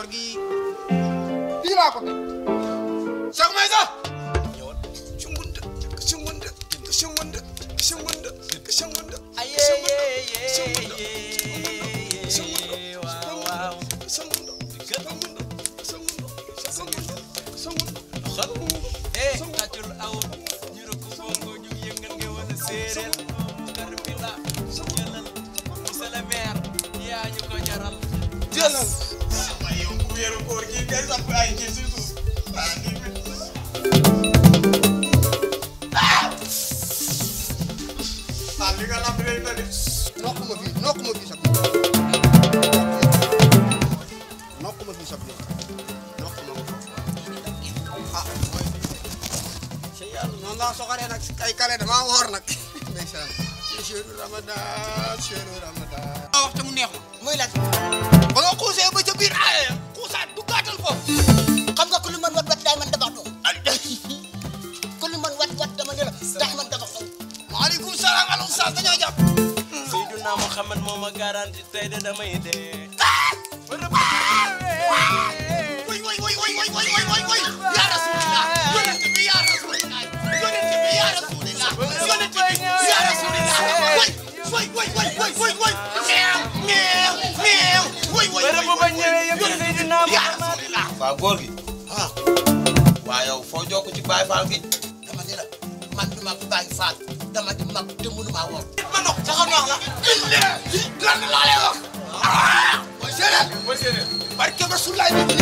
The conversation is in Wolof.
koor gi fii laa ko teg Cheikh Maysa ñëwal sungunda sungunda sungunda sungunda sungunda aye sungunda yow weeru koor gi ngay sàpp ramadan ramadan. waxtu mu neex ma mooy sens dañoo jàpp. Seydina Mohamed moo ma garanti tey de damay dee. woy woy woy woy woy woy woy yaa Rasulillah yonent bi yaa Rasulillah yonent bi yaa Rasulillah yonent bi yaa Rasulillah woy woy woy woy woy woy woy meew meew meew woy woy woy woy woy yaa Rasulillah waaw góor gi waaw yow foo dama di mag te mënu maa wóor. ma ndox sax ndox la. indi. lan laa lay wax. ah. mooy séeréer. mooy séeréer. barke ba sulaay bi